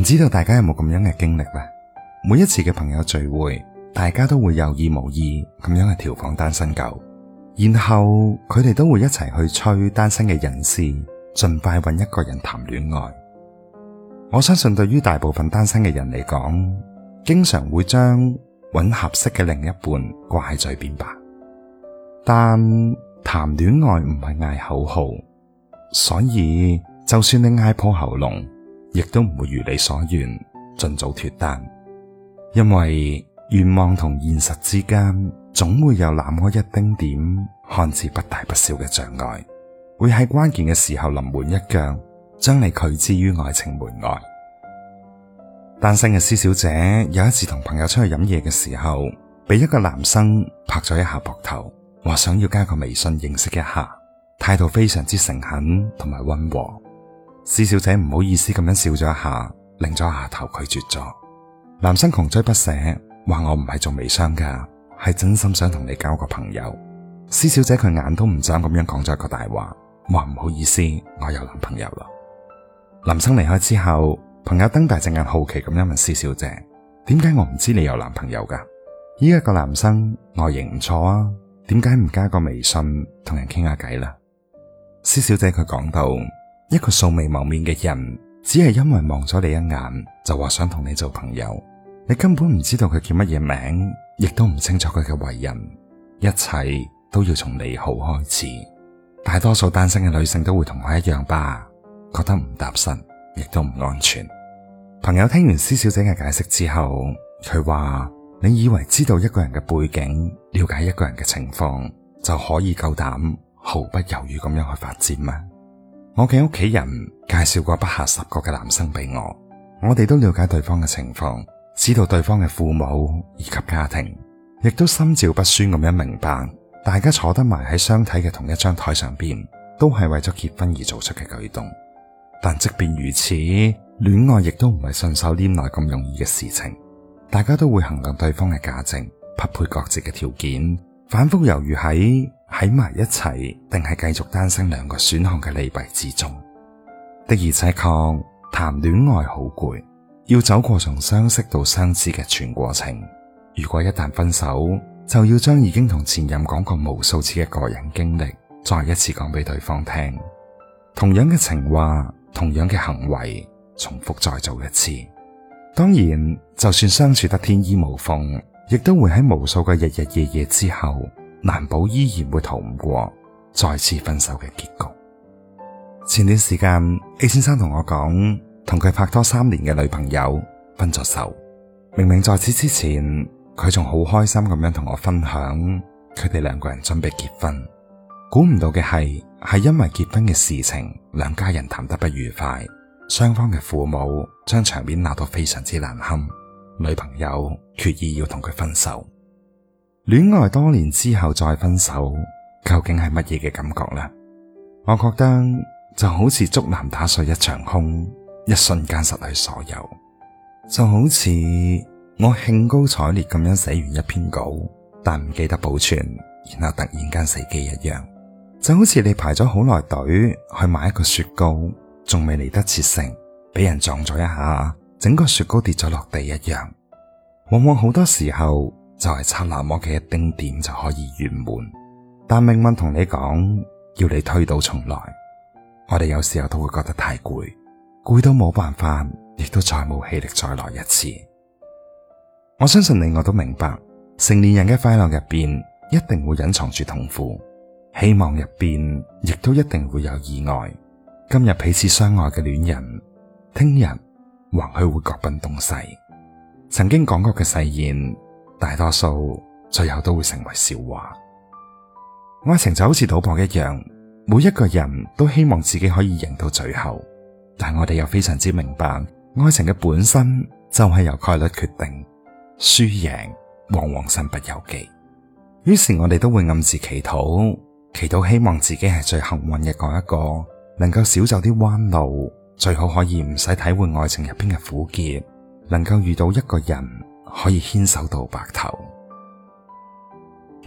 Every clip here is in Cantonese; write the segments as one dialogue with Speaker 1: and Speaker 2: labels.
Speaker 1: 唔知道大家有冇咁樣嘅經歷咧？每一次嘅朋友聚會，大家都會有意無意咁樣去調侃單身狗，然後佢哋都會一齊去催單身嘅人士盡快揾一個人談戀愛。我相信對於大部分單身嘅人嚟講，經常會將揾合適嘅另一半掛喺嘴邊吧。但談戀愛唔係嗌口號，所以就算你嗌破喉嚨，亦都唔會如你所願盡早脫單，因為願望同現實之間總會有那麼一丁點看似不大不小嘅障礙，會喺關鍵嘅時候臨門一腳，將你拒之於愛情門外。單身嘅施小姐有一次同朋友出去飲嘢嘅時候，俾一個男生拍咗一下膊頭，話想要加個微信認識一下，態度非常之誠懇同埋温和。施小姐唔好意思咁樣笑咗一下，擰咗下頭拒絕咗。男生窮追不捨，話我唔係做微商噶，係真心想同你交個朋友。施小姐佢眼都唔眨咁樣講咗一個大話，話唔好意思，我有男朋友啦。男生離開之後，朋友瞪大隻眼，好奇咁樣問施小姐：點解我唔知你有男朋友噶？依家個男生外形唔錯啊，點解唔加個微信同人傾下偈啦？施小姐佢講到。一個素未謀面嘅人，只係因為望咗你一眼，就話想同你做朋友。你根本唔知道佢叫乜嘢名，亦都唔清楚佢嘅為人。一切都要從你好開始。大多數單身嘅女性都會同我一樣吧？覺得唔踏實，亦都唔安全。朋友聽完施小姐嘅解釋之後，佢話：你以為知道一個人嘅背景，了解一個人嘅情況，就可以夠膽毫不猶豫咁樣去發展嗎？我嘅屋企人介紹過不下十個嘅男生俾我，我哋都了解對方嘅情況，知道對方嘅父母以及家庭，亦都心照不宣咁樣明白，大家坐得埋喺相睇嘅同一張台上面，都係為咗結婚而做出嘅舉動。但即便如此，戀愛亦都唔係順手拈來咁容易嘅事情，大家都會衡量對方嘅價值，匹配各自嘅條件，反復猶豫喺喺埋一齊，定係繼續單身兩個選項嘅利弊之中。的而且確談戀愛好攰，要走過從相識到相知嘅全過程。如果一旦分手，就要將已經同前任講過無數次嘅個人經歷，再一次講俾對方聽。同樣嘅情話，同樣嘅行為，重複再做一次。當然，就算相處得天衣無縫，亦都會喺無數嘅日日夜夜之後。難保依然會逃唔過再次分手嘅結局。前段時間，A 先生同我講，同佢拍拖三年嘅女朋友分咗手。明明在此之前，佢仲好開心咁樣同我分享，佢哋兩個人準備結婚。估唔到嘅係，係因為結婚嘅事情，兩家人談得不愉快，雙方嘅父母將場面鬧到非常之難堪，女朋友決意要同佢分手。戀愛多年之後再分手，究竟係乜嘢嘅感覺呢？我覺得就好似竹籃打碎一場空，一瞬間失去所有；就好似我興高采烈咁樣寫完一篇稿，但唔記得保存，然後突然間死機一樣；就好似你排咗好耐隊去買一個雪糕，仲未嚟得切成，俾人撞咗一下，整個雪糕跌咗落地一樣。往往好多時候。就係差那麼嘅一丁點就可以圓滿，但命運同你講要你推倒重來。我哋有時候都會覺得太攰，攰到冇辦法，亦都再冇氣力再來一次。我相信你，我都明白，成年人嘅快樂入邊一定會隱藏住痛苦，希望入邊亦都一定會有意外。今日彼此相愛嘅戀人，聽日或許會各奔東西。曾經講過嘅誓言。大多數最後都會成為笑話。愛情就好似賭博一樣，每一個人都希望自己可以贏到最後，但我哋又非常之明白，愛情嘅本身就係由概率決定，輸贏往往身不由己。於是我哋都會暗自祈禱，祈禱希望自己係最幸運嘅嗰一個，能夠少走啲彎路，最好可以唔使體會愛情入邊嘅苦澀，能夠遇到一個人。可以牽手到白頭，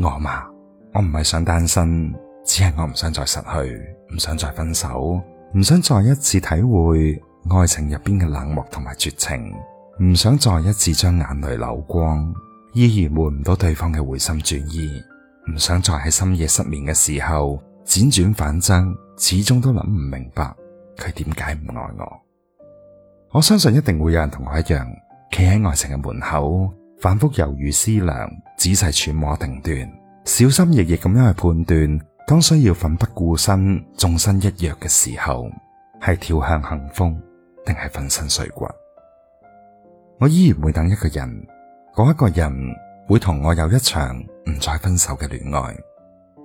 Speaker 1: 我嘛，我唔係想單身，只係我唔想再失去，唔想再分手，唔想再一次體會愛情入邊嘅冷漠同埋絕情，唔想再一次將眼淚流光，依然換唔到對方嘅回心轉意，唔想再喺深夜失眠嘅時候，輾轉反側，始終都諗唔明白佢點解唔愛我。我相信一定會有人同我一樣。企喺愛情嘅門口，反覆猶豫思量，仔細揣摩定斷，小心翼翼咁樣去判斷。當需要奮不顧身、縱身一躍嘅時候，係跳向幸福，定係粉身碎骨？我依然會等一個人，嗰一個人會同我有一場唔再分手嘅戀愛。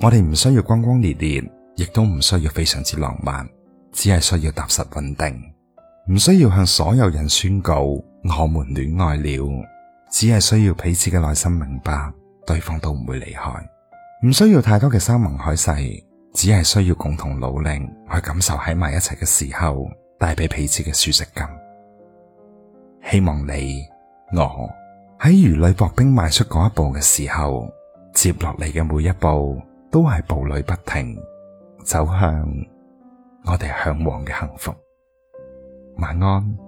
Speaker 1: 我哋唔需要轟轟烈烈，亦都唔需要非常之浪漫，只係需要踏實穩定，唔需要向所有人宣告。我們戀愛了，只係需要彼此嘅內心明白，對方都唔會離開，唔需要太多嘅山盟海誓，只係需要共同努力去感受喺埋一齊嘅時候帶俾彼此嘅舒適感。希望你我喺如履薄冰邁出嗰一步嘅時候，接落嚟嘅每一步都係步履不停，走向我哋向往嘅幸福。晚安。